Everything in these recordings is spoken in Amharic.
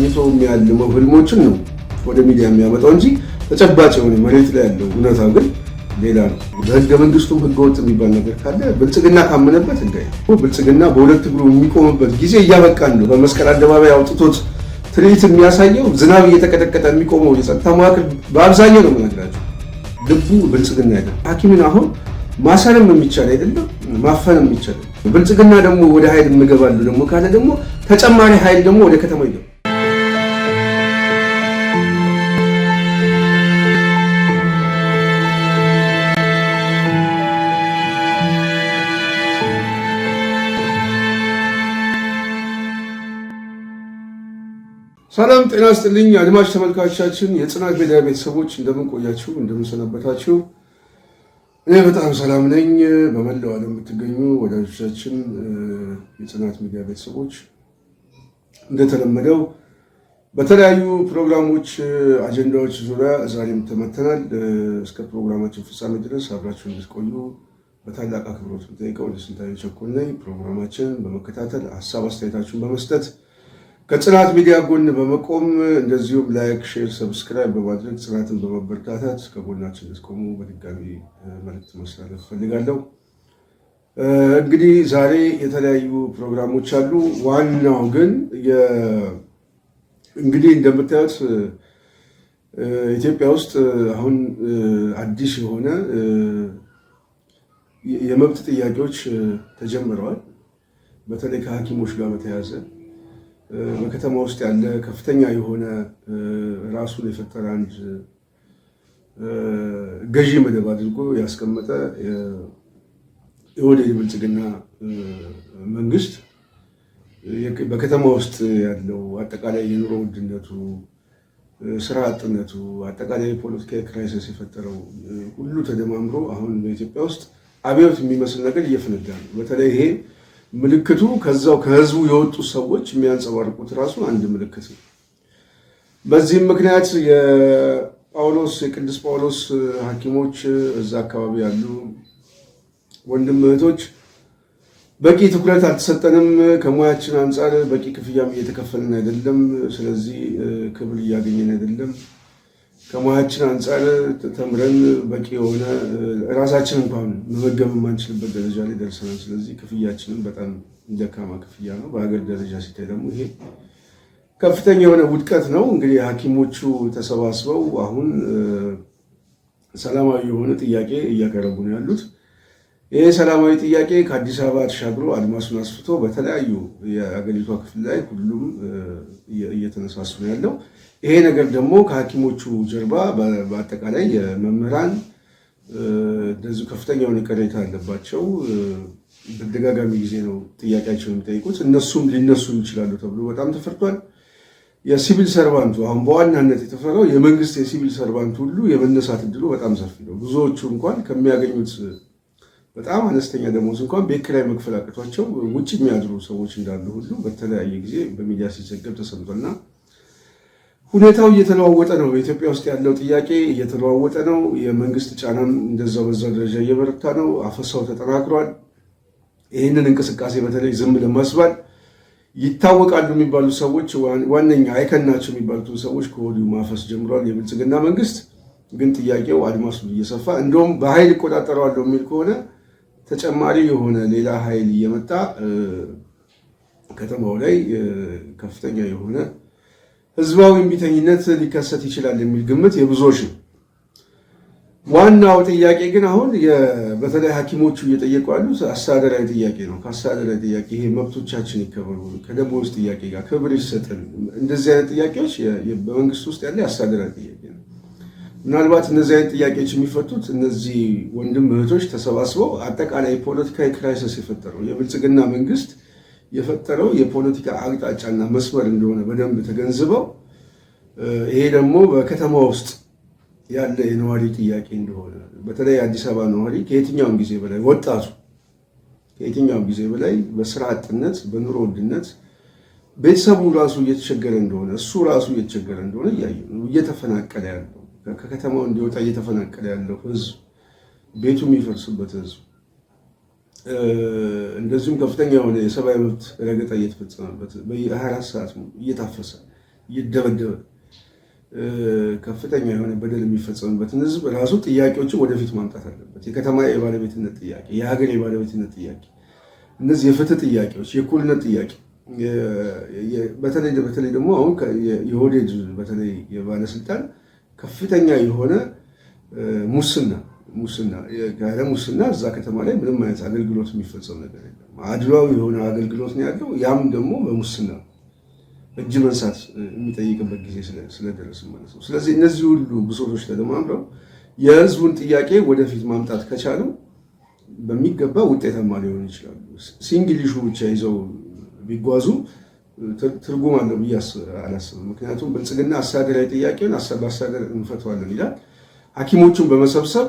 ተኝቶ የሚያልመው ህልሞችን ነው ወደ ሚዲያ የሚያመጣው እንጂ ተጨባጭ የሆነ መሬት ላይ ያለው እውነታ ግን ሌላ ነው። በህገ መንግስቱም ህገወጥ የሚባል ነገር ካለ ብልጽግና ካመነበት እንደ ብልጽግና በሁለት እግሩ የሚቆምበት ጊዜ እያበቃን ነው። በመስቀል አደባባይ አውጥቶት ትርኢት የሚያሳየው ዝናብ እየተቀጠቀጠ የሚቆመው የጸጥታ መዋቅር በአብዛኛው ነው የምነግራቸው። ልቡ ብልጽግና አይደለም። ሐኪምን አሁን ማሰርም የሚቻል አይደለም፣ ማፈንም የሚቻል ብልጽግና ደግሞ ወደ ኃይል የምገባሉ ደግሞ ካለ ደግሞ ተጨማሪ ኃይል ደግሞ ወደ ከተማ ይገባል። ሰላም ጤና ስጥልኝ አድማጭ ተመልካቾቻችን፣ የጽናት ሚዲያ ቤተሰቦች እንደምን ቆያችሁ? እንደምን ሰነበታችሁ? እኔ በጣም ሰላም ነኝ። በመላው ዓለም የምትገኙ ወዳጆቻችን የጽናት ሚዲያ ቤተሰቦች እንደተለመደው በተለያዩ ፕሮግራሞች፣ አጀንዳዎች ዙሪያ ዛሬም ተመተናል። እስከ ፕሮግራማችን ፍጻሜ ድረስ አብራችሁ እንድትቆዩ በታላቅ አክብሮት የምጠይቀው ስንታየሁ ቸኮል ነኝ። ፕሮግራማችንን በመከታተል ሀሳብ አስተያየታችሁን በመስጠት ከጽናት ሚዲያ ጎን በመቆም እንደዚሁም ላይክ፣ ሼር፣ ሰብስክራይብ በማድረግ ጽናትን በማበረታታት ከጎናችን ልትቆሙ በድጋሚ መልዕክት ማስተላለፍ እፈልጋለሁ። እንግዲህ ዛሬ የተለያዩ ፕሮግራሞች አሉ። ዋናው ግን እንግዲህ እንደምታዩት ኢትዮጵያ ውስጥ አሁን አዲስ የሆነ የመብት ጥያቄዎች ተጀምረዋል። በተለይ ከሐኪሞች ጋር በተያያዘ በከተማ ውስጥ ያለ ከፍተኛ የሆነ ራሱን የፈጠረ አንድ ገዢ መደብ አድርጎ ያስቀመጠ የወደ ብልጽግና መንግስት በከተማ ውስጥ ያለው አጠቃላይ የኑሮ ውድነቱ፣ ስራ አጥነቱ፣ አጠቃላይ የፖለቲካ ክራይሲስ የፈጠረው ሁሉ ተደማምሮ አሁን በኢትዮጵያ ውስጥ አብዮት የሚመስል ነገር እየፈነዳ ነው። በተለይ ይሄ ምልክቱ ከዛው ከህዝቡ የወጡ ሰዎች የሚያንጸባርቁት ራሱ አንድ ምልክት ነው። በዚህም ምክንያት የጳውሎስ የቅዱስ ጳውሎስ ሐኪሞች እዛ አካባቢ ያሉ ወንድም እህቶች በቂ ትኩረት አልተሰጠንም፣ ከሙያችን አንጻር በቂ ክፍያም እየተከፈልን አይደለም፣ ስለዚህ ክብር እያገኘን አይደለም ከሙያችን አንጻር ተምረን በቂ የሆነ ራሳችን እንኳን መመገብ የማንችልበት ደረጃ ላይ ደርሰናል። ስለዚህ ክፍያችንም በጣም ደካማ ክፍያ ነው። በሀገር ደረጃ ሲታይ ደግሞ ይሄ ከፍተኛ የሆነ ውድቀት ነው። እንግዲህ ሐኪሞቹ ተሰባስበው አሁን ሰላማዊ የሆነ ጥያቄ እያቀረቡ ነው ያሉት። ይህ ሰላማዊ ጥያቄ ከአዲስ አበባ ተሻግሮ አድማሱን አስፍቶ በተለያዩ የአገሪቷ ክፍል ላይ ሁሉም እየተነሳሱ ነው ያለው። ይሄ ነገር ደግሞ ከሐኪሞቹ ጀርባ በአጠቃላይ የመምህራን እንደዚሁ ከፍተኛ የሆነ ቅሬታ አለባቸው። በተደጋጋሚ ጊዜ ነው ጥያቄያቸው የሚጠይቁት። እነሱም ሊነሱ ይችላሉ ተብሎ በጣም ተፈርቷል። የሲቪል ሰርቫንቱ አሁን በዋናነት የተፈራው የመንግስት የሲቪል ሰርቫንት ሁሉ የመነሳት እድሉ በጣም ሰፊ ነው። ብዙዎቹ እንኳን ከሚያገኙት በጣም አነስተኛ ደሞዝ እንኳን ቤት ኪራይ መክፈል አቅቷቸው ውጭ የሚያድሩ ሰዎች እንዳሉ ሁሉ በተለያየ ጊዜ በሚዲያ ሲዘገብ ተሰምቷልና ሁኔታው እየተለዋወጠ ነው። በኢትዮጵያ ውስጥ ያለው ጥያቄ እየተለዋወጠ ነው። የመንግስት ጫናም እንደዛው በዛው ደረጃ እየበረታ ነው። አፈሳው ተጠናክሯል። ይህንን እንቅስቃሴ በተለይ ዝም ለማስባል ይታወቃሉ የሚባሉ ሰዎች ዋነኛ አይከን ናቸው የሚባሉትን ሰዎች ከወዲሁ ማፈስ ጀምሯል። የብልጽግና መንግስት ግን ጥያቄው አድማሱ እየሰፋ እንደውም በኃይል እቆጣጠረዋለሁ የሚል ከሆነ ተጨማሪ የሆነ ሌላ ኃይል እየመጣ ከተማው ላይ ከፍተኛ የሆነ ህዝባዊ እምቢተኝነት ሊከሰት ይችላል የሚል ግምት የብዙዎች ነው። ዋናው ጥያቄ ግን አሁን በተለይ ሐኪሞቹ እየጠየቁ ያሉት አስተዳደራዊ ጥያቄ ነው። ከአስተዳደራዊ ጥያቄ ይሄ መብቶቻችን ይከበሩ፣ ከደሞዝ ጥያቄ ጋር ክብር ይሰጠን፣ እንደዚህ አይነት ጥያቄዎች በመንግስት ውስጥ ያለ የአስተዳደራዊ ጥያቄ ነው። ምናልባት እነዚህ አይነት ጥያቄዎች የሚፈቱት እነዚህ ወንድም እህቶች ተሰባስበው አጠቃላይ ፖለቲካዊ ክራይሰስ የፈጠረው የብልጽግና መንግስት የፈጠረው የፖለቲካ አቅጣጫና መስመር እንደሆነ በደንብ ተገንዝበው ይሄ ደግሞ በከተማ ውስጥ ያለ የነዋሪ ጥያቄ እንደሆነ በተለይ አዲስ አበባ ነዋሪ ከየትኛውም ጊዜ በላይ ወጣቱ ከየትኛውም ጊዜ በላይ በስራ አጥነት፣ በኑሮ ውድነት ቤተሰቡ ራሱ እየተቸገረ እንደሆነ እሱ ራሱ እየተቸገረ እንደሆነ እያየ ነው። እየተፈናቀለ ያለው ከከተማው እንዲወጣ እየተፈናቀለ ያለው ህዝብ፣ ቤቱ የሚፈርስበት ህዝብ፣ እንደዚሁም ከፍተኛ የሆነ የሰብአዊ መብት ረገጣ እየተፈጸመበት በ 24 ሰዓት እየታፈሰ እየደበደበ ከፍተኛ የሆነ በደል የሚፈጸምበትን ህዝብ ራሱ ጥያቄዎችን ወደፊት ማምጣት አለበት። የከተማ የባለቤትነት ጥያቄ፣ የሀገር የባለቤትነት ጥያቄ፣ እነዚህ የፍትህ ጥያቄዎች፣ የእኩልነት ጥያቄ በተለይ በተለይ ደግሞ አሁን የኦህዴድ በተለይ የባለስልጣን ከፍተኛ የሆነ ሙስና ሙስና ያለ ሙስና እዛ ከተማ ላይ ምንም አይነት አገልግሎት የሚፈጸም ነገር የለም። አድሏዊ የሆነ አገልግሎት ነው ያለው። ያም ደግሞ በሙስና እጅ መንሳት የሚጠይቅበት ጊዜ ስለደረስ ማለት ነው። ስለዚህ እነዚህ ሁሉ ብሶቶች ተደማምረው የህዝቡን ጥያቄ ወደፊት ማምጣት ከቻሉ በሚገባ ውጤታማ ሊሆኑ ይችላሉ። ሲንግሊሹ ብቻ ይዘው ቢጓዙ ትርጉም አለው ብዬ አላስብም። ምክንያቱም ብልጽግና አስተዳደራዊ ጥያቄን በአስተዳደር እንፈተዋለን ይላል። ሐኪሞቹን በመሰብሰብ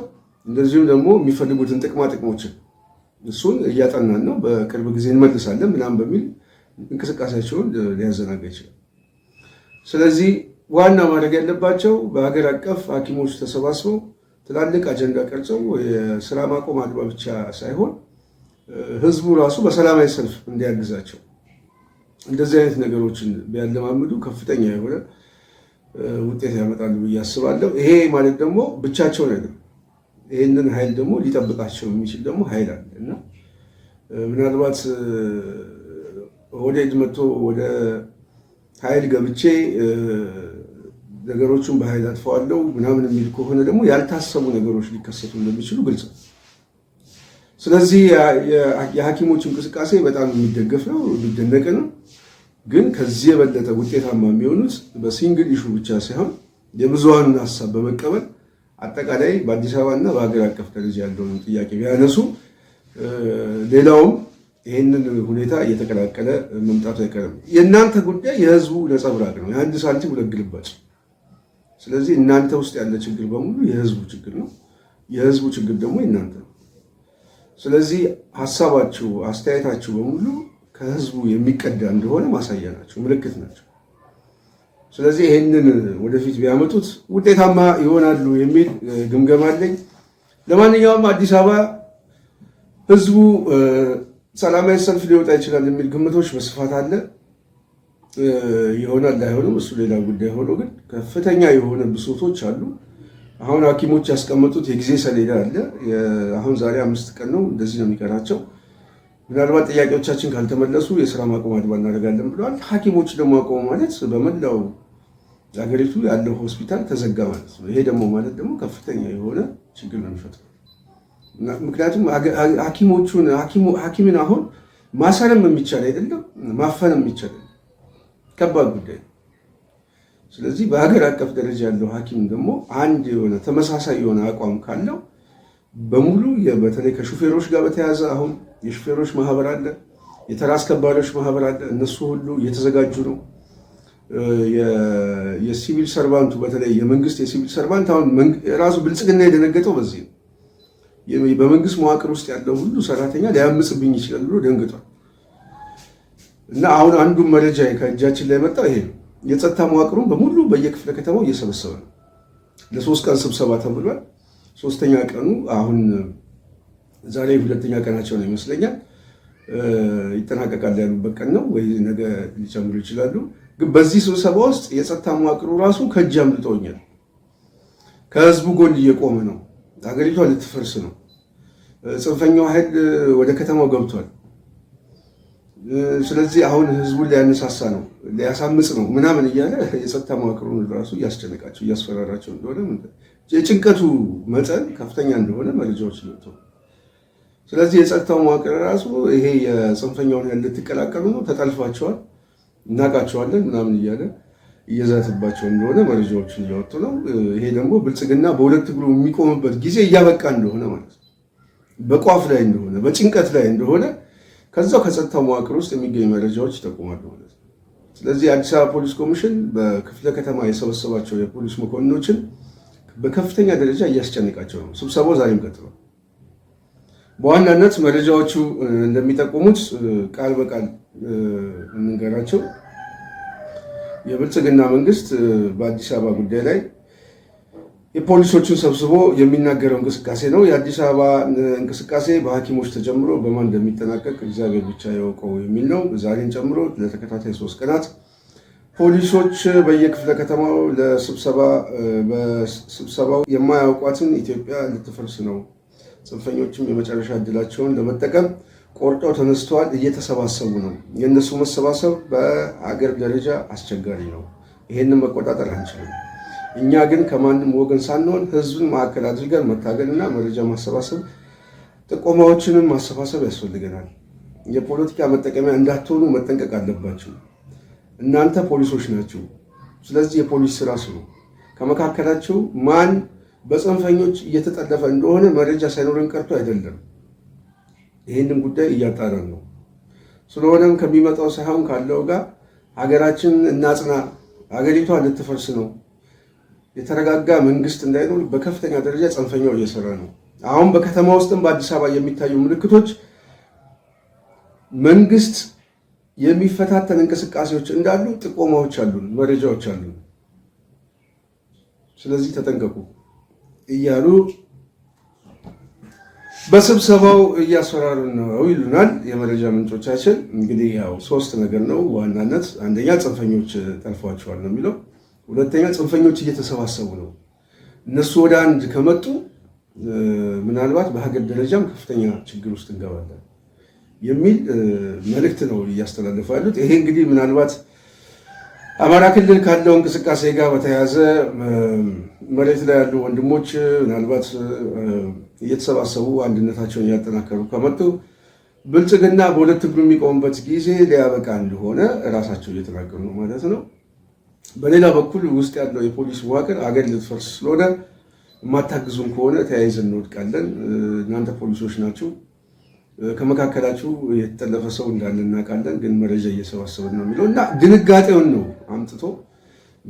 እንደዚሁም ደግሞ የሚፈልጉትን ጥቅማ ጥቅሞችን እሱን እያጠናን ነው፣ በቅርብ ጊዜ እንመልሳለን ምናምን በሚል እንቅስቃሴያቸውን ሊያዘናጋ ይችላል። ስለዚህ ዋና ማድረግ ያለባቸው በሀገር አቀፍ ሐኪሞች ተሰባስበው ትላልቅ አጀንዳ ቀርጸው የስራ ማቆም አድማ ብቻ ሳይሆን ህዝቡ ራሱ በሰላማዊ ሰልፍ እንዲያግዛቸው እንደዚህ አይነት ነገሮችን ቢያለማምዱ ከፍተኛ የሆነ ውጤት ያመጣሉ ብዬ አስባለሁ። ይሄ ማለት ደግሞ ብቻቸው ነገር ይህንን ኃይል ደግሞ ሊጠብቃቸው የሚችል ደግሞ ኃይል አለ እና ምናልባት ወደድ መጥቶ ወደ ኃይል ገብቼ ነገሮቹን በኃይል አጥፈዋለሁ ምናምን የሚል ከሆነ ደግሞ ያልታሰቡ ነገሮች ሊከሰቱ እንደሚችሉ ግልጽ ነው። ስለዚህ የሐኪሞች እንቅስቃሴ በጣም የሚደገፍ ነው፣ የሚደነቅ ነው። ግን ከዚህ የበለጠ ውጤታማ የሚሆኑት በሲንግል ኢሹ ብቻ ሳይሆን የብዙሃኑን ሀሳብ በመቀበል አጠቃላይ በአዲስ አበባ እና በሀገር አቀፍ ደረጃ ያለውን ጥያቄ ቢያነሱ ሌላውም ይህንን ሁኔታ እየተቀላቀለ መምጣቱ አይቀርም። የእናንተ ጉዳይ የህዝቡ ነጸብራቅ ነው፣ የአንድ ሳንቲም ሁለት ግልባጭ። ስለዚህ እናንተ ውስጥ ያለ ችግር በሙሉ የህዝቡ ችግር ነው፣ የህዝቡ ችግር ደግሞ የእናንተ ነው። ስለዚህ ሀሳባችሁ፣ አስተያየታችሁ በሙሉ ከህዝቡ የሚቀዳ እንደሆነ ማሳያ ናቸው፣ ምልክት ናቸው። ስለዚህ ይህንን ወደፊት ቢያመጡት ውጤታማ ይሆናሉ የሚል ግምገማ አለኝ። ለማንኛውም አዲስ አበባ ህዝቡ ሰላማዊ ሰልፍ ሊወጣ ይችላል የሚል ግምቶች በስፋት አለ። ይሆናል ላይሆንም፣ እሱ ሌላ ጉዳይ ሆኖ ግን ከፍተኛ የሆነ ብሶቶች አሉ። አሁን ሐኪሞች ያስቀመጡት የጊዜ ሰሌዳ አለ። አሁን ዛሬ አምስት ቀን ነው፣ እንደዚህ ነው የሚቀራቸው። ምናልባት ጥያቄዎቻችን ካልተመለሱ የስራ ማቆም አድማ እናደርጋለን ብለዋል። ሐኪሞች ደግሞ አቆሙ ማለት በመላው ሀገሪቱ ያለው ሆስፒታል ተዘጋ ማለት ነው። ይሄ ደግሞ ማለት ደግሞ ከፍተኛ የሆነ ችግር ነው የሚፈጥረው። ምክንያቱም ሐኪሞቹን ሐኪምን አሁን ማሰርም የሚቻል አይደለም፣ ማፈንም የሚቻል ከባድ ጉዳይ። ስለዚህ በሀገር አቀፍ ደረጃ ያለው ሐኪም ደግሞ አንድ የሆነ ተመሳሳይ የሆነ አቋም ካለው በሙሉ በተለይ ከሹፌሮች ጋር በተያያዘ አሁን የሹፌሮች ማህበር አለ፣ የተራ አስከባሪዎች ማህበር አለ። እነሱ ሁሉ እየተዘጋጁ ነው። የሲቪል ሰርቫንቱ በተለይ የመንግስት የሲቪል ሰርቫንት አሁን ራሱ ብልጽግና የደነገጠው በዚህ ነው። በመንግስት መዋቅር ውስጥ ያለው ሁሉ ሰራተኛ ሊያምጽብኝ ይችላል ብሎ ደንግጧል። እና አሁን አንዱን መረጃ ከእጃችን ላይ መጣ ይሄ ነው። የጸጥታ መዋቅሩን በሙሉ በየክፍለ ከተማው እየሰበሰበ ነው። ለሶስት ቀን ስብሰባ ተብሏል። ሶስተኛ ቀኑ አሁን ዛሬ ሁለተኛ ቀናቸው ነው ይመስለኛል። ይጠናቀቃል ያሉበት ቀን ነው ወይ ነገ ሊጨምሩ ይችላሉ። ግን በዚህ ስብሰባ ውስጥ የጸጥታ መዋቅሩ ራሱ ከእጅ አምልጦኛል፣ ከህዝቡ ጎን እየቆመ ነው፣ ሀገሪቷ ልትፈርስ ነው ጽንፈኛው ኃይል ወደ ከተማው ገብቷል። ስለዚህ አሁን ህዝቡን ሊያነሳሳ ነው፣ ሊያሳምጽ ነው ምናምን እያለ የጸጥታ መዋቅሩን ራሱ እያስጨነቃቸው እያስፈራራቸው እንደሆነ የጭንቀቱ መጠን ከፍተኛ እንደሆነ መረጃዎች መጥቶ ስለዚህ የጸጥታው መዋቅር ራሱ ይሄ የጽንፈኛውን ኃይል ልትቀላቀሉ ነው፣ ተጠልፏቸዋል፣ እናውቃቸዋለን ምናምን እያለ እየዛትባቸው እንደሆነ መረጃዎችን እያወጡ ነው። ይሄ ደግሞ ብልጽግና በሁለት እግሩ የሚቆምበት ጊዜ እያበቃ እንደሆነ ማለት ነው። በቋፍ ላይ እንደሆነ በጭንቀት ላይ እንደሆነ ከዛው ከጸጥታ መዋቅር ውስጥ የሚገኙ መረጃዎች ይጠቁማሉ ማለት ነው። ስለዚህ የአዲስ አበባ ፖሊስ ኮሚሽን በክፍለ ከተማ የሰበሰባቸው የፖሊስ መኮንኖችን በከፍተኛ ደረጃ እያስጨንቃቸው ነው። ስብሰባው ዛሬም ቀጥሏል። በዋናነት መረጃዎቹ እንደሚጠቁሙት ቃል በቃል እንንገራቸው፣ የብልጽግና መንግስት በአዲስ አበባ ጉዳይ ላይ የፖሊሶቹን ሰብስቦ የሚናገረው እንቅስቃሴ ነው። የአዲስ አበባ እንቅስቃሴ በሐኪሞች ተጀምሮ በማን እንደሚጠናቀቅ እግዚአብሔር ብቻ ያውቀው የሚል ነው። ዛሬን ጨምሮ ለተከታታይ ሶስት ቀናት ፖሊሶች በየክፍለ ከተማው ለስብሰባ በስብሰባው የማያውቋትን ኢትዮጵያ ልትፈርስ ነው፣ ጽንፈኞችም የመጨረሻ እድላቸውን ለመጠቀም ቆርጠው ተነስተዋል፣ እየተሰባሰቡ ነው። የእነሱ መሰባሰብ በአገር ደረጃ አስቸጋሪ ነው። ይህንን መቆጣጠር አንችልም። እኛ ግን ከማንም ወገን ሳንሆን ህዝብን ማዕከል አድርገን መታገልና መረጃ ማሰባሰብ ጥቆማዎችንም ማሰባሰብ ያስፈልገናል። የፖለቲካ መጠቀሚያ እንዳትሆኑ መጠንቀቅ አለባችሁ። እናንተ ፖሊሶች ናችሁ። ስለዚህ የፖሊስ ስራ ስሩ። ከመካከላችሁ ማን በጽንፈኞች እየተጠለፈ እንደሆነ መረጃ ሳይኖረን ቀርቶ አይደለም። ይህንም ጉዳይ እያጣረን ነው። ስለሆነም ከሚመጣው ሳይሆን ካለው ጋር ሀገራችን እናጽና፣ ሀገሪቷ ልትፈርስ ነው የተረጋጋ መንግስት እንዳይኖር በከፍተኛ ደረጃ ጽንፈኛው እየሰራ ነው። አሁን በከተማ ውስጥም በአዲስ አበባ የሚታዩ ምልክቶች መንግስት የሚፈታተን እንቅስቃሴዎች እንዳሉ ጥቆማዎች አሉን፣ መረጃዎች አሉን። ስለዚህ ተጠንቀቁ እያሉ በስብሰባው እያስፈራሩ ነው ይሉናል የመረጃ ምንጮቻችን። እንግዲህ ያው ሶስት ነገር ነው ዋናነት። አንደኛ ጽንፈኞች ጠልፏቸዋል ነው የሚለው ሁለተኛ ጽንፈኞች እየተሰባሰቡ ነው። እነሱ ወደ አንድ ከመጡ ምናልባት በሀገር ደረጃም ከፍተኛ ችግር ውስጥ እንገባለን የሚል መልእክት ነው እያስተላለፉ ያሉት። ይሄ እንግዲህ ምናልባት አማራ ክልል ካለው እንቅስቃሴ ጋር በተያያዘ መሬት ላይ ያሉ ወንድሞች ምናልባት እየተሰባሰቡ አንድነታቸውን እያጠናከሩ ከመጡ ብልጽግና በሁለት እግሩ የሚቆምበት ጊዜ ሊያበቃ እንደሆነ እራሳቸው እየተናገሩ ነው ማለት ነው። በሌላ በኩል ውስጥ ያለው የፖሊስ መዋቅር አገር ልትፈርስ ስለሆነ የማታግዙን ከሆነ ተያይዘን እንወድቃለን፣ እናንተ ፖሊሶች ናችሁ፣ ከመካከላችሁ የተጠለፈ ሰው እንዳለ እናውቃለን፣ ግን መረጃ እየሰባሰብን ነው የሚለው እና ድንጋጤውን ነው አምጥቶ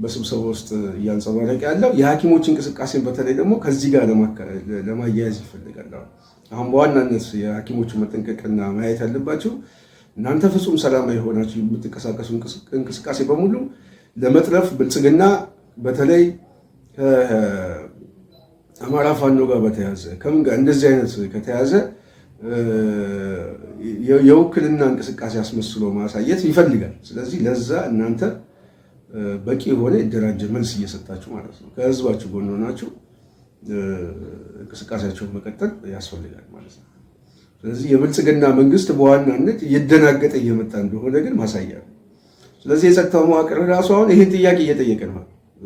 በስብሰባ ውስጥ እያንጸባረቀ ያለው። የሐኪሞች እንቅስቃሴን በተለይ ደግሞ ከዚህ ጋር ለማያያዝ ይፈልጋል። አሁን በዋናነት የሐኪሞቹ መጠንቀቅና ማየት ያለባቸው እናንተ ፍጹም ሰላማዊ የሆናችሁ የምትንቀሳቀሱ እንቅስቃሴ በሙሉ ለመጥረፍ ብልጽግና በተለይ አማራ ፋኖ ጋር በተያዘ ከምን ጋር እንደዚህ አይነት ከተያዘ የውክልና እንቅስቃሴ አስመስሎ ማሳየት ይፈልጋል። ስለዚህ ለዛ እናንተ በቂ የሆነ የደራጀ መልስ እየሰጣችሁ ማለት ነው። ከህዝባችሁ ጎን ሆናችሁ እንቅስቃሴያቸውን መቀጠል ያስፈልጋል ማለት ነው። ስለዚህ የብልጽግና መንግስት በዋናነት እየደናገጠ እየመጣ እንደሆነ ግን ማሳያ ነው። ስለዚህ የጸጥታው መዋቅር ራሱ አሁን ይህን ጥያቄ እየጠየቀ ነው።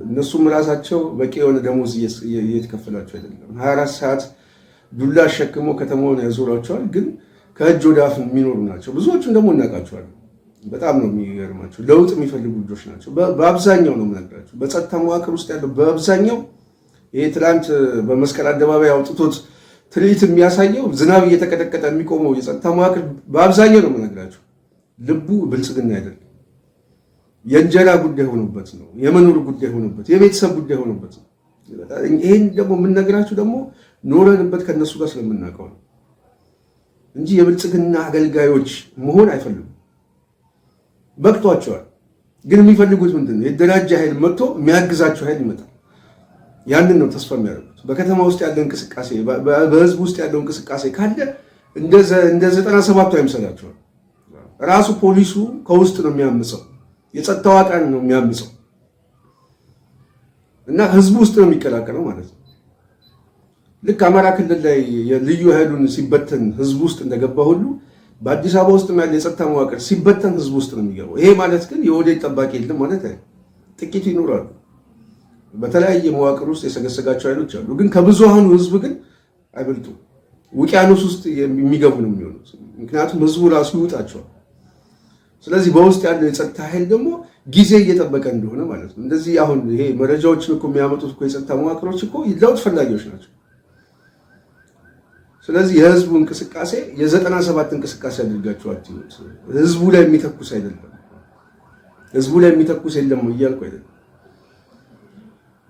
እነሱም ራሳቸው በቂ የሆነ ደሞዝ እየተከፈላቸው አይደለም። ሀያ አራት ሰዓት ዱላ አሸክሞ ከተማውን ያዞሯቸዋል። ግን ከእጅ ወደ አፍ የሚኖሩ ናቸው። ብዙዎቹን ደግሞ እናውቃቸዋለን። በጣም ነው የሚገርማቸው። ለውጥ የሚፈልጉ ልጆች ናቸው በአብዛኛው ነው የምነግራቸው። በጸጥታ መዋቅር ውስጥ ያለው በአብዛኛው ይሄ ትናንት በመስቀል አደባባይ አውጥቶት ትርኢት የሚያሳየው ዝናብ እየተቀጠቀጠ የሚቆመው የጸጥታ መዋቅር በአብዛኛው ነው የምነግራቸው። ልቡ ብልጽግና አይደለም። የእንጀራ ጉዳይ ሆኖበት ነው። የመኖር ጉዳይ ሆኖበት፣ የቤተሰብ ጉዳይ ሆኖበት ነው። ይህን ደግሞ የምንነግራችሁ ደግሞ ኖረንበት ከእነሱ ጋር ስለምናውቀው ነው እንጂ የብልጽግና አገልጋዮች መሆን አይፈልጉም። በቅቷቸዋል። ግን የሚፈልጉት ምንድን ነው? የደራጀ ኃይል መጥቶ የሚያግዛቸው ኃይል ይመጣል። ያንን ነው ተስፋ የሚያደርጉት። በከተማ ውስጥ ያለ እንቅስቃሴ፣ በህዝብ ውስጥ ያለው እንቅስቃሴ ካለ እንደ ዘጠና ሰባቱ አይምሰላቸዋል። ራሱ ፖሊሱ ከውስጥ ነው የሚያምሰው የጸጥታው አካል ነው የሚያምፀው እና ህዝቡ ውስጥ ነው የሚቀላቀለው ማለት ነው። ልክ አማራ ክልል ላይ የልዩ ኃይሉን ሲበተን ህዝቡ ውስጥ እንደገባ ሁሉ በአዲስ አበባ ውስጥ ያለ የጸጥታ መዋቅር ሲበተን ህዝቡ ውስጥ ነው የሚገባው። ይሄ ማለት ግን የወደድ ጠባቂ የለም ማለት ጥቂቱ ይኖራሉ። በተለያየ መዋቅር ውስጥ የሰገሰጋቸው ኃይሎች አሉ። ግን ከብዙሃኑ ህዝብ ግን አይበልጡም። ውቅያኖስ ውስጥ የሚገቡ ነው የሚሆኑት። ምክንያቱም ህዝቡ ራሱ ይውጣቸዋል። ስለዚህ በውስጥ ያለው የጸጥታ ኃይል ደግሞ ጊዜ እየጠበቀ እንደሆነ ማለት ነው። እንደዚህ አሁን ይሄ መረጃዎችን እኮ የሚያመጡት እኮ የጸጥታ መዋቅሮች እኮ ለውጥ ፈላጊዎች ናቸው። ስለዚህ የህዝቡ እንቅስቃሴ የዘጠና ሰባት እንቅስቃሴ አድርጋችሁ አትዩት። ህዝቡ ላይ የሚተኩስ አይደለም፣ ህዝቡ ላይ የሚተኩስ የለም እያልኩ አይደለም።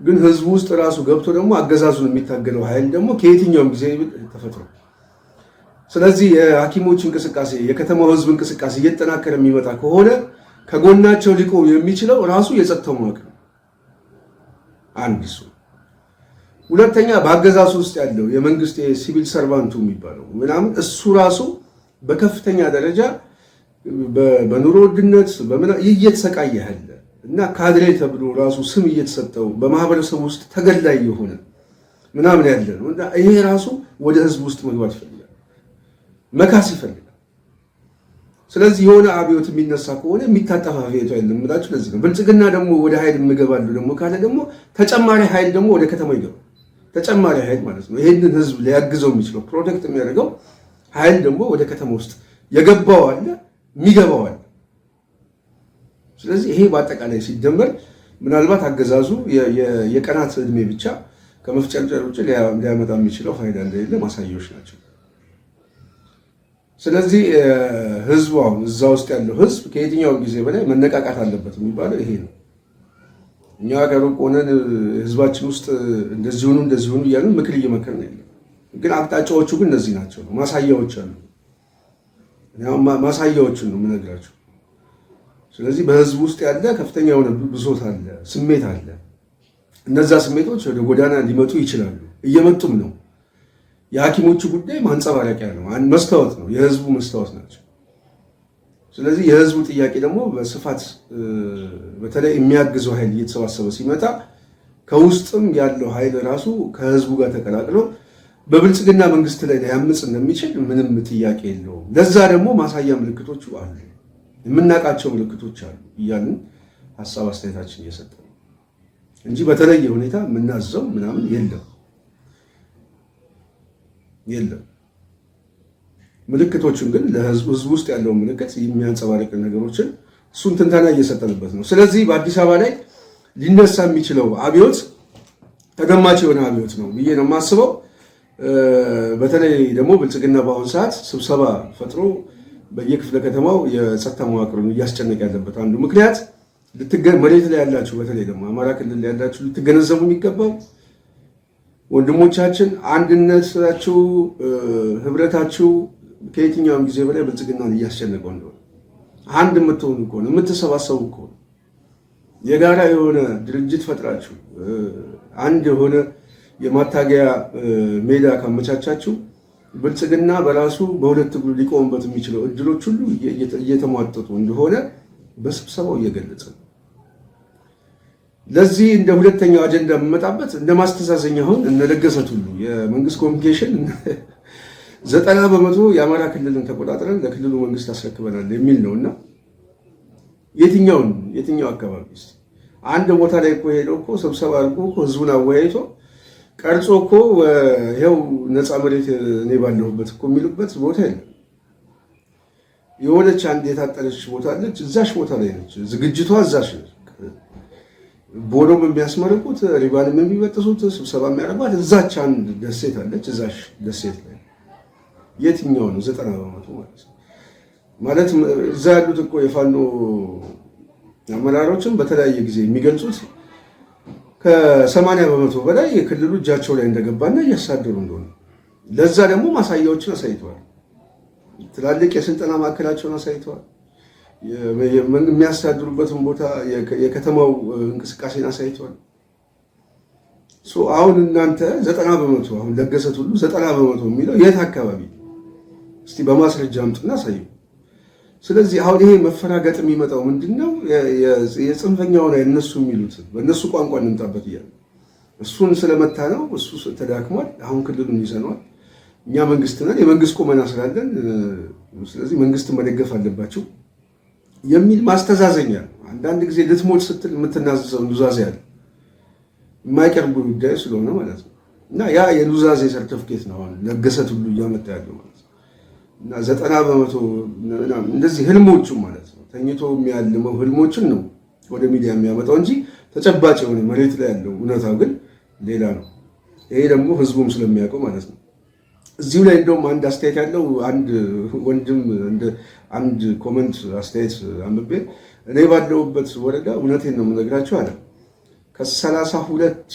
ግን ህዝቡ ውስጥ ራሱ ገብቶ ደግሞ አገዛዙን የሚታገለው ኃይል ደግሞ ከየትኛውም ጊዜ ተፈጥሯል። ስለዚህ የሐኪሞች እንቅስቃሴ የከተማው ህዝብ እንቅስቃሴ እየተጠናከረ የሚመጣ ከሆነ ከጎናቸው ሊቆም የሚችለው ራሱ የጸጥታው መዋቅር ነው። አንድ እሱ። ሁለተኛ በአገዛዙ ውስጥ ያለው የመንግስት የሲቪል ሰርቫንቱ የሚባለው ምናምን እሱ ራሱ በከፍተኛ ደረጃ በኑሮ ውድነት እየተሰቃየ ያለ እና ካድሬ ተብሎ ራሱ ስም እየተሰጠው በማህበረሰብ ውስጥ ተገላይ የሆነ ምናምን ያለ ነው እና ይሄ ራሱ ወደ ህዝብ ውስጥ መግባት መካስ ይፈልጋል። ስለዚህ የሆነ አብዮት የሚነሳ ከሆነ የሚታጠፋ አብዮት አይደለም የምላችሁ ለዚህ ነው። ብልጽግና ደግሞ ወደ ኃይል የምገባሉ ደግሞ ካለ ደግሞ ተጨማሪ ኃይል ደግሞ ወደ ከተማ ይገባል። ተጨማሪ ኃይል ማለት ነው። ይህንን ህዝብ ሊያግዘው የሚችለው ፕሮጀክት የሚያደርገው ኃይል ደግሞ ወደ ከተማ ውስጥ የገባው አለ፣ የሚገባው አለ። ስለዚህ ይሄ በአጠቃላይ ሲደመር ምናልባት አገዛዙ የቀናት እድሜ ብቻ ከመፍጨርጨር ውጭ ሊያመጣ የሚችለው ፋይዳ እንደሌለ ማሳያዎች ናቸው። ስለዚህ ህዝቡ አሁን እዛ ውስጥ ያለው ህዝብ ከየትኛው ጊዜ በላይ መነቃቃት አለበት የሚባለው ይሄ ነው። እኛ ከሩቅ ሆነን ህዝባችን ውስጥ እንደዚሁኑ እንደዚሁኑ እያሉ ምክር እየመከር ነው ያለው። ግን አቅጣጫዎቹ ግን እነዚህ ናቸው። ነው ማሳያዎች አሉ። ማሳያዎችን ነው የምነግራቸው። ስለዚህ በህዝብ ውስጥ ያለ ከፍተኛ የሆነ ብሶት አለ፣ ስሜት አለ። እነዛ ስሜቶች ወደ ጎዳና ሊመጡ ይችላሉ፣ እየመጡም ነው። የሐኪሞቹ ጉዳይ ማንጸባረቂያ ነው፣ መስታወት ነው፣ የህዝቡ መስታወት ናቸው። ስለዚህ የህዝቡ ጥያቄ ደግሞ በስፋት በተለይ የሚያግዘው ኃይል እየተሰባሰበ ሲመጣ ከውስጥም ያለው ኃይል ራሱ ከህዝቡ ጋር ተቀላቅሎ በብልጽግና መንግስት ላይ ሊያምፅ እንደሚችል ምንም ጥያቄ የለውም። ለዛ ደግሞ ማሳያ ምልክቶቹ አሉ፣ የምናውቃቸው ምልክቶች አሉ እያልን ሀሳብ አስተያየታችን እየሰጠ ነው እንጂ በተለየ ሁኔታ የምናዘው ምናምን የለም። የለም። ምልክቶቹን ግን ለህዝብ ውስጥ ያለውን ምልክት የሚያንጸባርቅ ነገሮችን እሱን ትንተና እየሰጠንበት ነው። ስለዚህ በአዲስ አበባ ላይ ሊነሳ የሚችለው አብዮት ተገማች የሆነ አብዮት ነው ብዬ ነው የማስበው። በተለይ ደግሞ ብልጽግና በአሁኑ ሰዓት ስብሰባ ፈጥሮ በየክፍለ ከተማው የጸጥታ መዋቅርን እያስጨነቅ ያለበት አንዱ ምክንያት መሬት ላይ ያላችሁ በተለይ ደግሞ አማራ ክልል ላይ ያላችሁ ልትገነዘቡ የሚገባው ወንድሞቻችን አንድነታችሁ፣ ህብረታችሁ ከየትኛውም ጊዜ በላይ ብልጽግናን እያስጨነቀው እንደሆነ አንድ የምትሆኑ ከሆነ የምትሰባሰቡ ከሆነ የጋራ የሆነ ድርጅት ፈጥራችሁ አንድ የሆነ የማታገያ ሜዳ ካመቻቻችሁ ብልጽግና በራሱ በሁለት እግሩ ሊቆምበት የሚችለው እድሎች ሁሉ እየተሟጠጡ እንደሆነ በስብሰባው እየገለጸ ነው። ለዚህ እንደ ሁለተኛው አጀንዳ የምመጣበት እንደ ማስተዛዘኛ አሁን እነ ሁሉ የመንግስት ኮሚኒኬሽን ዘጠና በመቶ የአማራ ክልልን ተቆጣጥረን ለክልሉ መንግስት አስረክበናል የሚል ነው እና የትኛውን የትኛው አካባቢ ውስጥ አንድ ቦታ ላይ እኮ ሄደው እኮ ስብሰባ አድርጎ ህዝቡን አወያይቶ ቀርጾ እኮ ይኸው ነፃ መሬት እኔ ባለሁበት እኮ የሚሉበት ቦታ የለም። የሆነች አንድ የታጠለች ቦታ አለች። እዛሽ ቦታ ላይ ነች። ዝግጅቷ እዛሽ ነች። ቦዶም የሚያስመርቁት ሪባንም የሚበጥሱት ስብሰባ የሚያደርጓት እዛች አንድ ደሴት አለች። እዛሽ ደሴት ላይ የትኛው ነው ዘጠና በመቶ ማለት ማለት እዛ ያሉት እኮ የፋኖ አመራሮችም በተለያየ ጊዜ የሚገልጹት ከሰማንያ በመቶ በላይ የክልሉ እጃቸው ላይ እንደገባና እያሳደሩ እንደሆነ ለዛ ደግሞ ማሳያዎችን አሳይተዋል። ትላልቅ የስልጠና ማዕከላቸውን አሳይተዋል። የሚያስተዳድሩበትን ቦታ የከተማው እንቅስቃሴን አሳይተዋል። አሁን እናንተ ዘጠና በመቶ አሁን ለገሰት ሁሉ ዘጠና በመቶ የሚለው የት አካባቢ እስቲ በማስረጃ አምጥና አሳዩ። ስለዚህ አሁን ይሄ መፈራገጥ የሚመጣው ምንድነው? የጽንፈኛውን እነሱ የሚሉት በእነሱ ቋንቋ እንምጣበት እያለ እሱን ስለመታ ነው። እሱ ተዳክሟል። አሁን ክልሉን ይዘነዋል። እኛ መንግስት ነን፣ የመንግስት ቁመና ስላለን። ስለዚህ መንግስት መደገፍ አለባቸው። የሚል ማስተዛዘኛ አንዳንድ ጊዜ ልትሞት ስትል የምትናዘዘው ኑዛዜ አለ የማይቀርቡ ጉዳይ ስለሆነ ማለት ነው። እና ያ የኑዛዜ ሰርተፍኬት ነው አሁን ለገሰት ሁሉ እያመጣ ያለው ማለት ነው። እና ዘጠና በመቶ እንደዚህ ህልሞቹ ማለት ነው ተኝቶ የሚያልመው ህልሞችን ነው ወደ ሚዲያ የሚያመጣው እንጂ ተጨባጭ የሆነ መሬት ላይ ያለው እውነታው ግን ሌላ ነው። ይሄ ደግሞ ህዝቡም ስለሚያውቀው ማለት ነው። እዚሁ ላይ እንደውም አንድ አስተያየት ያለው አንድ ወንድም አንድ ኮመንት አስተያየት አንብቤ እኔ ባለሁበት ወረዳ እውነቴን ነው የምነግራችሁ አለ ከሰላሳ ሁለት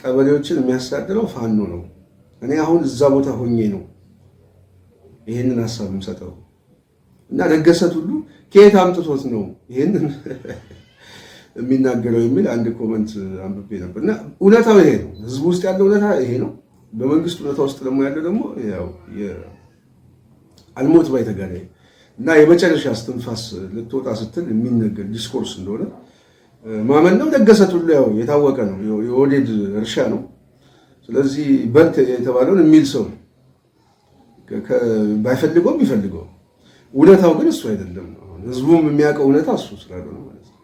ቀበሌዎችን የሚያስተዳድረው ፋኖ ነው። እኔ አሁን እዛ ቦታ ሆኜ ነው ይህንን ሀሳብ የምሰጠው እና ደገሰት ሁሉ ከየት አምጥቶት ነው ይህንን የሚናገረው የሚል አንድ ኮመንት አንብቤ ነበር እና እውነታው ይሄ ነው። ህዝቡ ውስጥ ያለው እውነታ ይሄ ነው። በመንግስት እውነታ ውስጥ ደግሞ ያለ ደግሞ ያው አልሞት ባይ ተጋዳይ እና የመጨረሻ ስትንፋስ ልትወጣ ስትል የሚነገር ዲስኮርስ እንደሆነ ማመን ነው። ደገሰት ሁሉ ያው የታወቀ ነው፣ የኦህዴድ እርሻ ነው። ስለዚህ በርት የተባለውን የሚል ሰው ባይፈልገውም ይፈልገው፣ እውነታው ግን እሱ አይደለም። ህዝቡም የሚያውቀው እውነታ እሱ ነው ማለት ነው።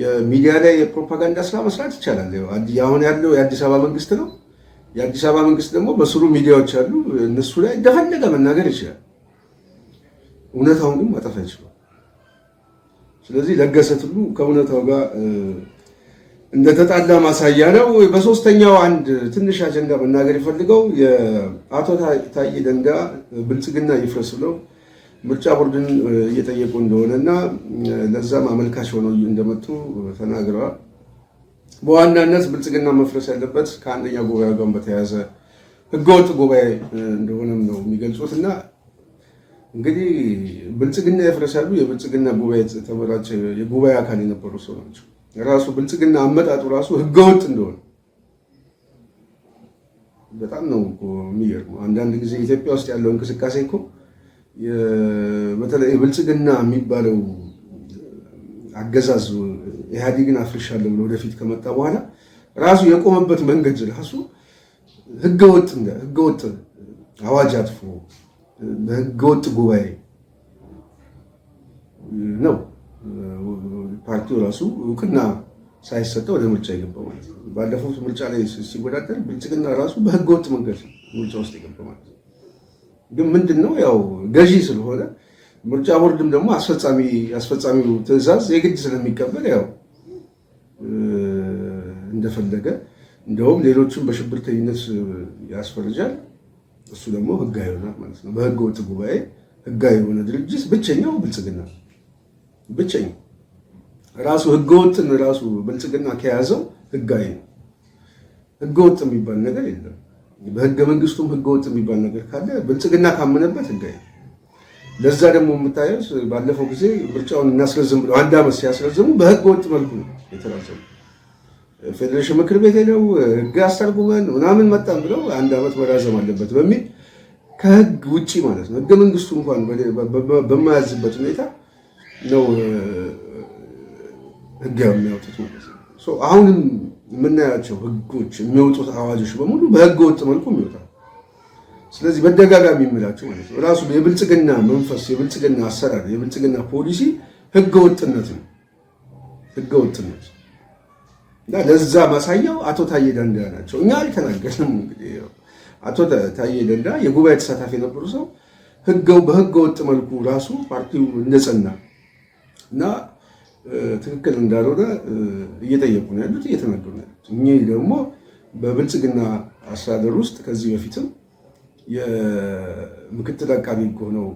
የሚዲያ ላይ የፕሮፓጋንዳ ስራ መስራት ይቻላል። አሁን ያለው የአዲስ አበባ መንግስት ነው የአዲስ አበባ መንግስት ደግሞ በስሩ ሚዲያዎች አሉ። እነሱ ላይ እንደፈለገ መናገር ይችላል። እውነታውን ግን ማጠፍ አይችልም። ስለዚህ ለገሰ ቱሉ ከእውነታው ጋር እንደተጣላ ማሳያ ነው። በሶስተኛው አንድ ትንሽ አጀንዳ መናገር ይፈልገው የአቶ ታዬ ደንጋ ብልጽግና ይፍረስ ብለው ምርጫ ቦርድን እየጠየቁ እንደሆነ እና ለዛም አመልካች ሆነው እንደመጡ ተናግረዋል። በዋናነት ብልጽግና መፍረስ ያለበት ከአንደኛ ጉባኤ ጋር በተያያዘ ህገወጥ ጉባኤ እንደሆነም ነው የሚገልጹት እና እንግዲህ ብልጽግና ያፍረሳሉ የብልጽግና ጉባኤ ተመራጭ የጉባኤ አካል የነበሩ ሰው ናቸው። ራሱ ብልጽግና አመጣጡ ራሱ ህገወጥ እንደሆነ በጣም ነው የሚገርመው። አንዳንድ ጊዜ ኢትዮጵያ ውስጥ ያለው እንቅስቃሴ እኮ በተለይ ብልጽግና የሚባለው አገዛዝ ኢህአዴግን አፍርሻለሁ ብሎ ወደፊት ከመጣ በኋላ ራሱ የቆመበት መንገድ ራሱ ህገወጥ ህገወጥ አዋጅ አጥፎ በህገወጥ ጉባኤ ነው ፓርቲው ራሱ እውቅና ሳይሰጠው ወደ ምርጫ የገባ ማለት ነው። ባለፈው ምርጫ ላይ ሲወዳደር ብልጽግና ራሱ በህገወጥ መንገድ ምርጫ ውስጥ የገባ ማለት ነው። ግን ምንድን ነው ያው ገዢ ስለሆነ ምርጫ ቦርድም ደግሞ አስፈጻሚው ትዕዛዝ የግድ ስለሚቀበል ያው እንደፈለገ እንደውም ሌሎችን በሽብርተኝነት ያስፈርጃል። እሱ ደግሞ ህጋዊ ይሆናል ማለት ነው። በህገ ወጥ ጉባኤ ህጋዊ የሆነ ድርጅት ብቸኛው ብልጽግና ብቸኛው ራሱ ህገወጥን ራሱ ብልጽግና ከያዘው ህጋዊ ነው። ህገወጥ የሚባል ነገር የለም። በህገ መንግስቱም ህገወጥ የሚባል ነገር ካለ ብልጽግና ካመነበት ህጋዊ ነው። ለዛ ደግሞ የምታየው ባለፈው ጊዜ ምርጫውን እናስረዝም ብለው አንድ ዓመት ሲያስረዝሙ በህገ ወጥ መልኩ ነው የተራዘሙ። ፌዴሬሽን ምክር ቤት ሄደው ህግ አስተርጉመን ምናምን መጣም ብለው አንድ ዓመት መራዘም አለበት በሚል ከህግ ውጭ ማለት ነው ህገ መንግስቱ እንኳን በማያዝበት ሁኔታ ነው ህግ የሚያወጡት ማለት ነው። አሁንም የምናያቸው ህጎች የሚወጡት አዋጆች በሙሉ በህገ ወጥ መልኩ የሚወጣ ስለዚህ በደጋጋሚ የሚላቸው ማለት ነው ራሱ የብልጽግና መንፈስ፣ የብልጽግና አሰራር፣ የብልጽግና ፖሊሲ ህገወጥነት ነው። ህገወጥነት እና ለዛ ማሳያው አቶ ታዬ ደንዳ ናቸው። እኛ አልተናገርንም። እንግዲህ አቶ ታዬ ደንዳ የጉባኤ ተሳታፊ የነበሩ ሰው ህገው በህገ ወጥ መልኩ ራሱ ፓርቲው እንደጸና እና ትክክል እንዳልሆነ እየጠየቁ ነው ያሉት፣ እየተናገሩ ነው ያሉት። እኚህ ደግሞ በብልጽግና አስተዳደር ውስጥ ከዚህ በፊትም የምክትል አቃቢ ሆነው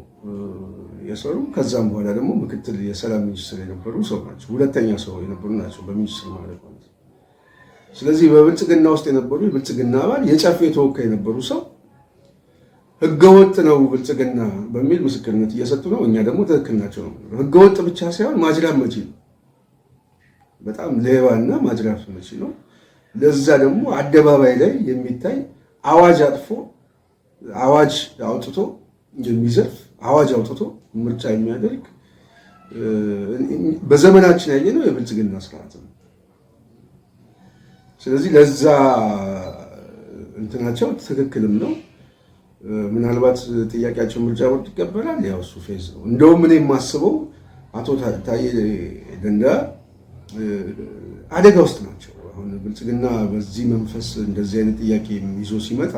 የሰሩ ከዛም በኋላ ደግሞ ምክትል የሰላም ሚኒስትር የነበሩ ሰው ናቸው። ሁለተኛ ሰው የነበሩ ናቸው በሚኒስትር ማለት ነው። ስለዚህ በብልጽግና ውስጥ የነበሩ የብልጽግና አባል የጨፌ ተወካይ የነበሩ ሰው ህገወጥ ነው ብልጽግና በሚል ምስክርነት እየሰጡ ነው። እኛ ደግሞ ትክክል ናቸው ነው። ህገወጥ ብቻ ሳይሆን ማጅራት መቺ ነው። በጣም ሌባና ማጅራት መቺ ነው። ለዛ ደግሞ አደባባይ ላይ የሚታይ አዋጅ አጥፎ አዋጅ አውጥቶ የሚዘርፍ አዋጅ አውጥቶ ምርጫ የሚያደርግ በዘመናችን ያየነው የብልጽግና ስርዓት ነው። ስለዚህ ለዛ እንትናቸው ትክክልም ነው። ምናልባት ጥያቄያቸው ምርጫ ቦርድ ይቀበላል። ያው እሱ ፌዝ ነው። እንደውም እኔ የማስበው አቶ ታዬ ደንዳ አደጋ ውስጥ ናቸው። አሁን ብልጽግና በዚህ መንፈስ እንደዚህ አይነት ጥያቄ ይዞ ሲመጣ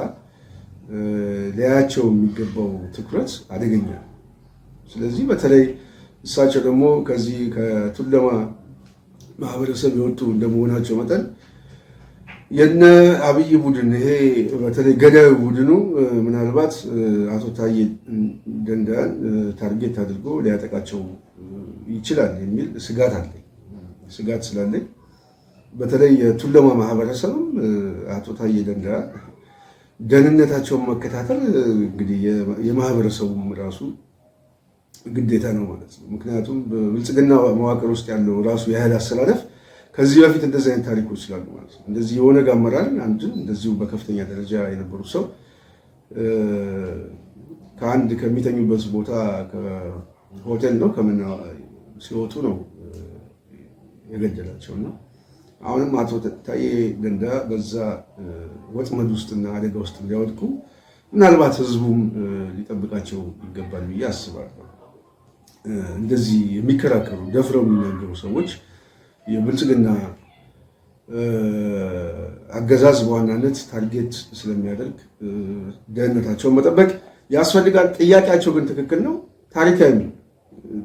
ሊያያቸው የሚገባው ትኩረት አደገኛ ነው። ስለዚህ በተለይ እሳቸው ደግሞ ከዚህ ከቱለማ ማህበረሰብ የወጡ እንደመሆናቸው መጠን የነ አብይ ቡድን ይሄ በተለይ ገዳዩ ቡድኑ ምናልባት አቶ ታዬ ደንዳን ታርጌት አድርጎ ሊያጠቃቸው ይችላል የሚል ስጋት አለኝ። ስጋት ስላለኝ በተለይ የቱለማ ማህበረሰብም አቶ ታዬ ደንዳ ደህንነታቸውን መከታተል እንግዲህ የማህበረሰቡ ራሱ ግዴታ ነው ማለት ነው። ምክንያቱም በብልጽግና መዋቅር ውስጥ ያለው ራሱ የኃይል አሰላለፍ ከዚህ በፊት እንደዚህ አይነት ታሪኮች ስላሉ ማለት ነው። እንደዚህ የኦነግ አመራር አንድን እንደዚሁ በከፍተኛ ደረጃ የነበሩ ሰው ከአንድ ከሚተኙበት ቦታ ሆቴል ነው ከምና ሲወጡ ነው የገደላቸው ነው። አሁንም አቶ ታዬ ገንዳ በዛ ወጥመድ ውስጥና አደጋ ውስጥ እንዲያወድቁ ምናልባት ህዝቡም ሊጠብቃቸው ይገባል ብዬ አስባለሁ። እንደዚህ የሚከራከሩ ደፍረው የሚናገሩ ሰዎች የብልጽግና አገዛዝ በዋናነት ታርጌት ስለሚያደርግ ደህንነታቸውን መጠበቅ ያስፈልጋል። ጥያቄያቸው ግን ትክክል ነው። ታሪካዊ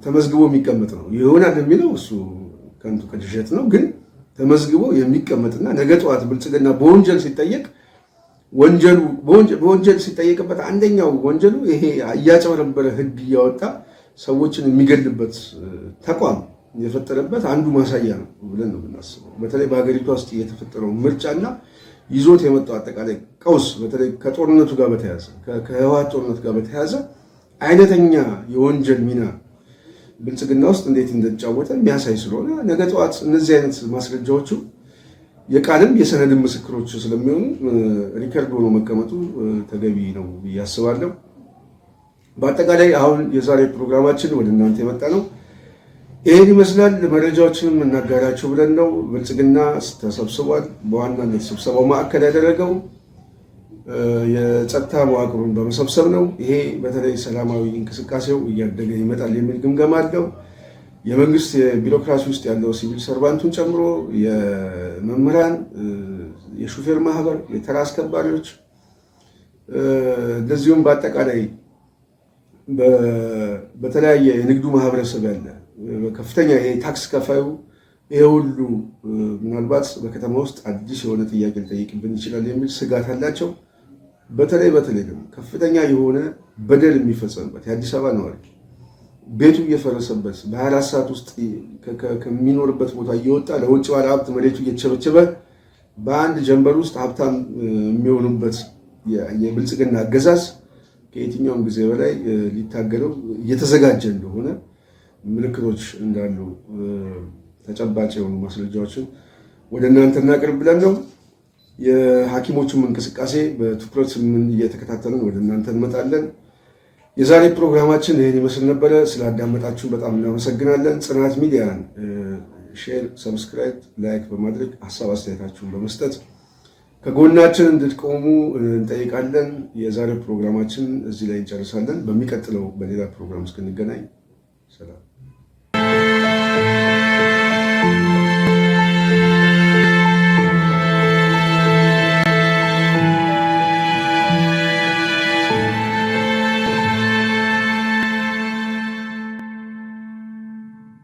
ተመዝግቦ የሚቀመጥ ነው። ይሆናል የሚለው እሱ ከንቱ ቅዠት ነው ግን ተመዝግቦ የሚቀመጥና ነገ ጠዋት ብልጽግና በወንጀል ሲጠየቅ ወንጀሉ በወንጀል ሲጠየቅበት አንደኛው ወንጀሉ ይሄ እያጨበረበረ ህግ እያወጣ ሰዎችን የሚገልበት ተቋም የፈጠረበት አንዱ ማሳያ ነው ብለን ነው የምናስበው። በተለይ በሀገሪቷ ውስጥ የተፈጠረው ምርጫና ይዞት የመጣው አጠቃላይ ቀውስ በተለይ ከጦርነቱ ጋር በተያዘ ከህወሓት ጦርነት ጋር በተያዘ አይነተኛ የወንጀል ሚና ብልጽግና ውስጥ እንዴት እንደተጫወተ የሚያሳይ ስለሆነ ነገ ጠዋት እነዚህ አይነት ማስረጃዎቹ የቃልም የሰነድም ምስክሮች ስለሚሆኑ ሪከርድ ሆኖ መቀመጡ ተገቢ ነው ብዬ አስባለሁ። በአጠቃላይ አሁን የዛሬ ፕሮግራማችን ወደ እናንተ የመጣ ነው ይህን ይመስላል። መረጃዎችንም እናጋራችሁ ብለን ነው። ብልጽግና ተሰብስቧል። በዋናነት ስብሰባው ማዕከል ያደረገው የጸጥታ መዋቅሩን በመሰብሰብ ነው። ይሄ በተለይ ሰላማዊ እንቅስቃሴው እያደገ ይመጣል የሚል ግምገማ አለው። የመንግስት የቢሮክራሲ ውስጥ ያለው ሲቪል ሰርቫንቱን ጨምሮ የመምህራን፣ የሹፌር ማህበር፣ የተራ አስከባሪዎች እንደዚሁም በአጠቃላይ በተለያየ የንግዱ ማህበረሰብ ያለ ከፍተኛ ታክስ ከፋዩ ይሄ ሁሉ ምናልባት በከተማ ውስጥ አዲስ የሆነ ጥያቄ ሊጠይቅብን ይችላል የሚል ስጋት አላቸው። በተለይ በተለይ ደግሞ ከፍተኛ የሆነ በደል የሚፈጸምበት የአዲስ አበባ ነዋሪ ቤቱ እየፈረሰበት በ24 ሰዓት ውስጥ ከሚኖርበት ቦታ እየወጣ ለውጭ ባለ ሀብት መሬቱ እየተቸበቸበ በአንድ ጀንበር ውስጥ ሀብታም የሚሆኑበት የብልጽግና አገዛዝ ከየትኛውም ጊዜ በላይ ሊታገለው እየተዘጋጀ እንደሆነ ምልክቶች እንዳሉ ተጨባጭ የሆኑ ማስረጃዎችን ወደ እናንተ እናቅርብ ብለን ነው። የሐኪሞቹም እንቅስቃሴ በትኩረት እየተከታተልን ወደ እናንተ እንመጣለን። የዛሬ ፕሮግራማችን ይህን ይመስል ነበረ። ስላዳመጣችሁ በጣም እናመሰግናለን። ጽናት ሚዲያን ሼር፣ ሰብስክራይብ፣ ላይክ በማድረግ ሀሳብ አስተያየታችሁን በመስጠት ከጎናችን እንድትቆሙ እንጠይቃለን። የዛሬ ፕሮግራማችን እዚህ ላይ እንጨርሳለን። በሚቀጥለው በሌላ ፕሮግራም እስክንገናኝ ሰላም።